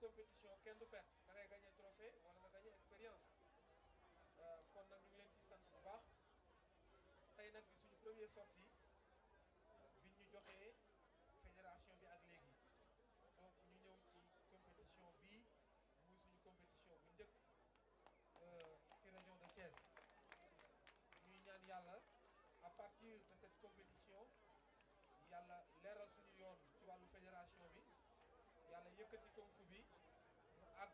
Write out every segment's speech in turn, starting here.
compétition aucun ne perte On a gagné trophée on a gagné l'expérience. Quand a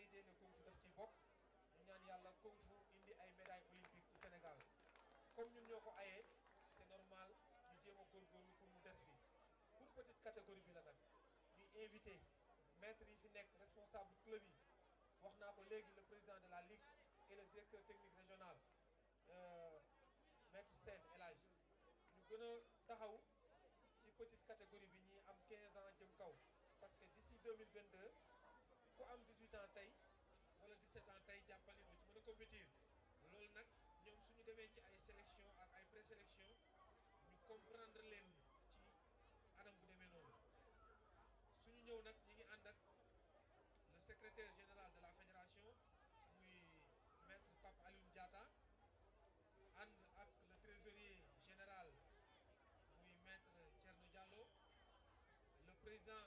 validé ne kung fu daf ciy bokk ñu ñaan yàlla kung fu indi ay ci Sénégal comme ñun ñoo ko c'est normal ñu nous a pour mu des fi pour petite catégorie bi la nag invité maître yi fi nekk responsable club yi wax le président de la ligue et le directeur technique régional euh, maître Sène Elage. Nous ñu gën taxaw ci petite catégorie bi ñi 15 ans jëm kaw parce que d'ici 2022 am 18 ans tay wala 17 ans tay jappalé du ci mëna compétir loolu nak ñom suñu démé ci ay sélection ak ay présélection ñu comprendre leen ci anam bu démé noonu suñu ñëw nak ñi ngi and ak le secrétaire général de la fédération muy maître Pape Alioune Diatta ànd ak le trésorier général muy maître Thierno Diallo le président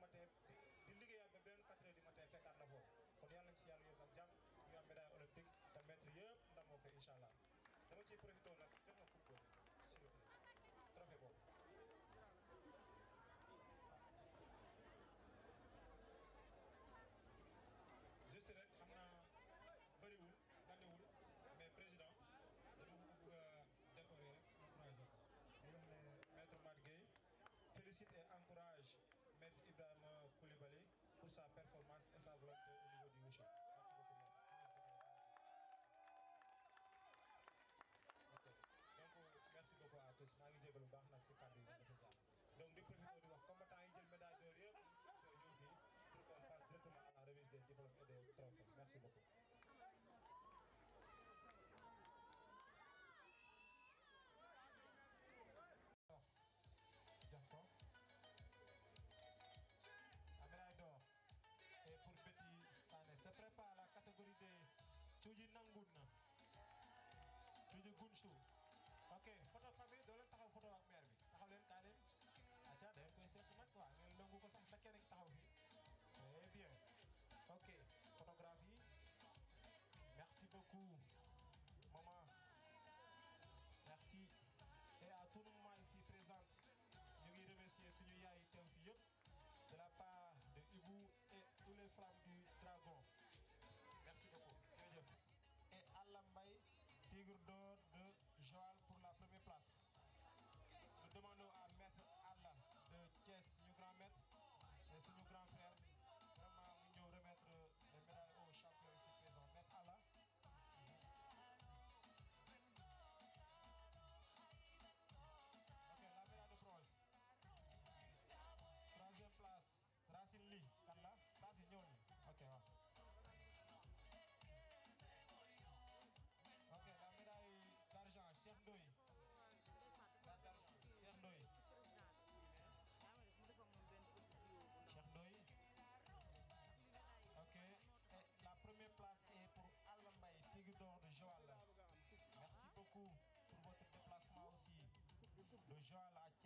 dimate di liggéeyal ba benn quatre heure dimate fekkaat na foofu kon yàlla ci yàlla yëpp ak jàm ñu am médaille olympique te maître yëpp ndam moo fee incha allah dama ciy profité nag def ma coupe si ok photographie eh, merci beaucoup maman merci et à tout le monde ici présent, je remercier de la part de Hugo et tous les frères du dragon merci beaucoup et à demandons à Maître Allah de Thiès, suñu grand maître et suñu grand frère de gens à la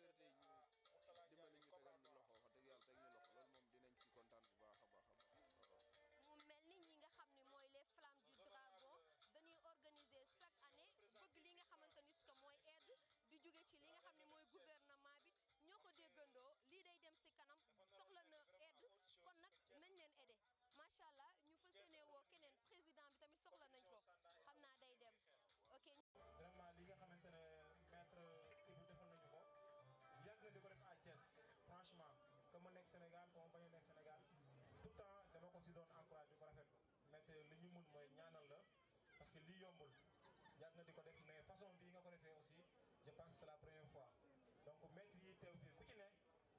Saturday. moy ñaanal la parce que li yombul yàgg nga di ko def mais façon bi nga ko defee aussi je pense que c'est la première fois donc maître yi teew fii ku ci ne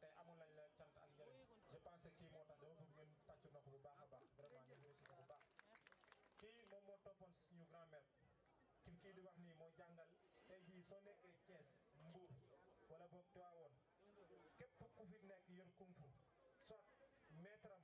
tey amul nañ la cant ak yéen je pense que kii moo tax dama bëgg ngeen tàccu na ko bu baax a baax vraiment ñu réussi ko bu baax kii moom moo toppoon si suñu grand maître ki kii di wax nii moo jàngal tey jii soo nekkee Thiès Mbour wala boog Tivaouane képp ku fi nekk yor kumpu soit maître am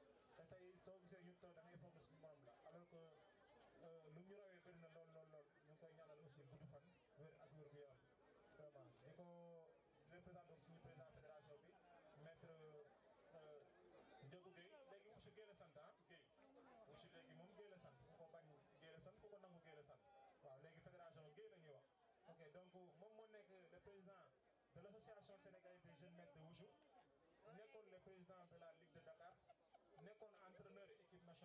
te tey soo gisee ñu toog da ngay foog suñu la alors que lu ñu rawee bëri lool lool lool ñu ngi koy ñaanal aussi gudd fan wér ak wér gu yaram vraiment di ko représenté suñu président fédération bi maître Ndiogou Guèye léegi wusu Guèye la sant ah Guèye wusu léegi moom Guèye la sant ku ko bañ ko nangu Guèye la sant waaw léegi fédération Guèye la ñuy wax ok donc nekk le président de l' association sénégalaise des jeunes maîtres de Wushu le président de la ligue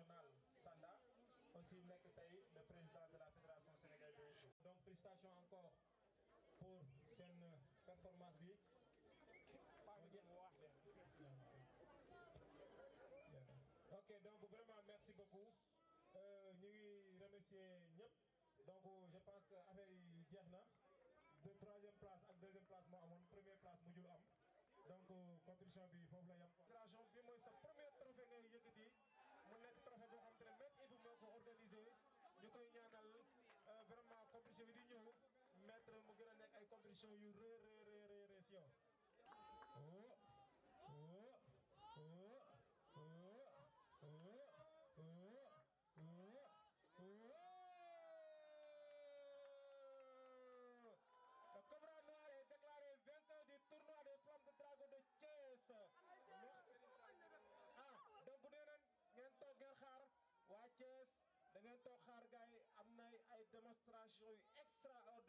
national Sanda aussi nekk le président de la fédération sénégalaise de donc félicitations encore pour cette performance -là. ok donc vraiment merci beaucoup Nous euh, ngi remercier donc je pense que affaire yi de troisième place à deuxième place moi, amoon première place donc euh, contribution bi foofu la show you re re re re re sio. Oh. Oh. Oh. Oh. Oh. Oh. Oh. Oh. Cobra Noir est déclaré vainqueur du tournoi des flammes de dragon de chess. Merci. Ah, donc vous n'êtes pas encore xar wa chess da ngeen to xaar gaay am na ay démonstration yu extraordinaire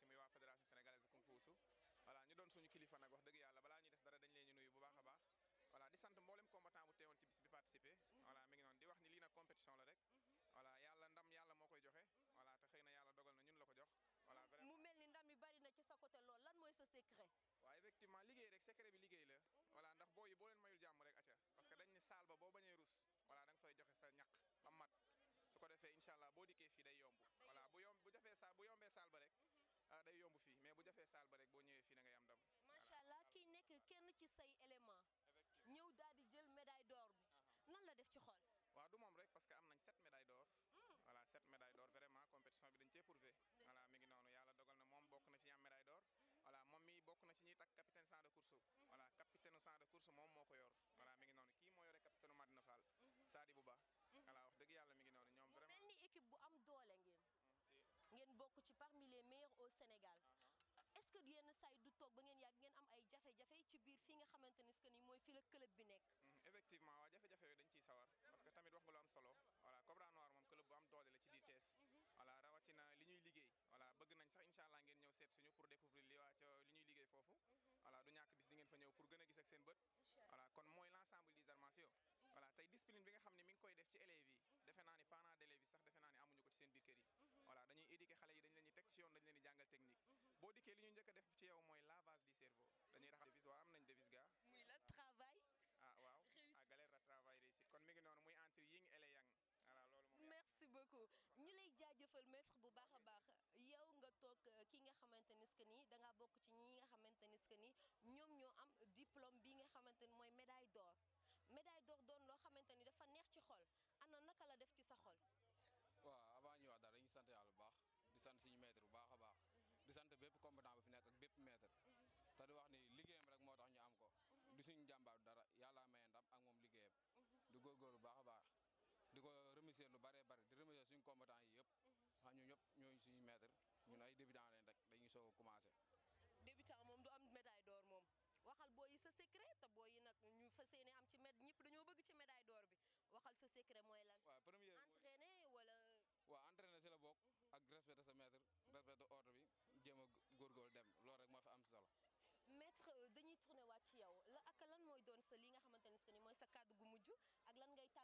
rek si muy waa de concurso voilà ñu doon suñu kilifa nag salle ba rek boo ñëwee fii da ngay am ndam. allah kii nekk kenn ci say élément ñëw daal di jël médaille d'or bi uh-huh. la def ci xol. waaw du moom rek parce que am nañ sept médailles d'or mm. voilà sept médailles d'or vraiment compétition bi dañ cee prouvé voilà mi ngi noonu yàlla dogal na moom bokk na ci ñi mm-hmm. takk capitaine champ course mm-hmm. voilà capitaine champ de course moom moo ko yor voilà mi ngi noonu kii moo yore capitaine Madina Fall mm-hmm. Sadi bu baax voilà wax dëgg que yenn saa du toog ba ngeen yàgg am ay jafe-jafe ci biir fii nga xamante ni ni mooy fii la club bi nekk. Mm, effectivement waa jafe-jafe yooyu dañ ciy sawar parce que tamit wax nga lu am solo voilà Cobra Noir moom club bu am doole la ci biir Thiès. Mm-hmm. rawatina li ñuy liggéey voilà bëgg nañ sax incha allah ngeen ñëw seet suñu pour découvrir beaucoup ñu lay jaajëfal maître bu baax a baax yow nga toog euh, ki nga xamante ni que nii da ngaa bokk ci ñi nga xamante ni que nii ñoom ñoo am diplôme bi nga xamante ni mooy médaille d'or médaille d'or doon loo xamante ni dafa neex ci xol ana naka la def ci sa xol. waa avant ñuy wax dara ñu sant yàlla bu baax di sant suñu maître bu baax a baax mhm. di sant bépp compétent bu fi nekk bépp maître mhm. te di wax ni liggéeyam rek moo tax ñu am ko mhm. du suñu jàmbaar dara yàlla maye ndam ak moom liggéeyam remercier lu bëree bëri di remercier suñu combattant yi yëpp mm-hmm. xam ñu ñëpp ñooñu suñu maître ñun ay débutant leen rek dañuy soog a commencé débutant moom du am médaille d'or moom waxal boo yi sa secret te boo yi nag ñu fas yéene am ci med ñëpp dañoo bëgg ci médaille d'or bi waxal sa secret mooy lan waaw premier entraîner si la bokk mm-hmm. ak respecter sa maître mm-hmm. respecter ordre bi jéem a góorgóorlu dem loolu rek moo fi am solo maître dañuy tourné waat ci yow lan mooy doon sa li nga xamante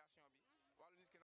communication bi mmh. wàllu nit ki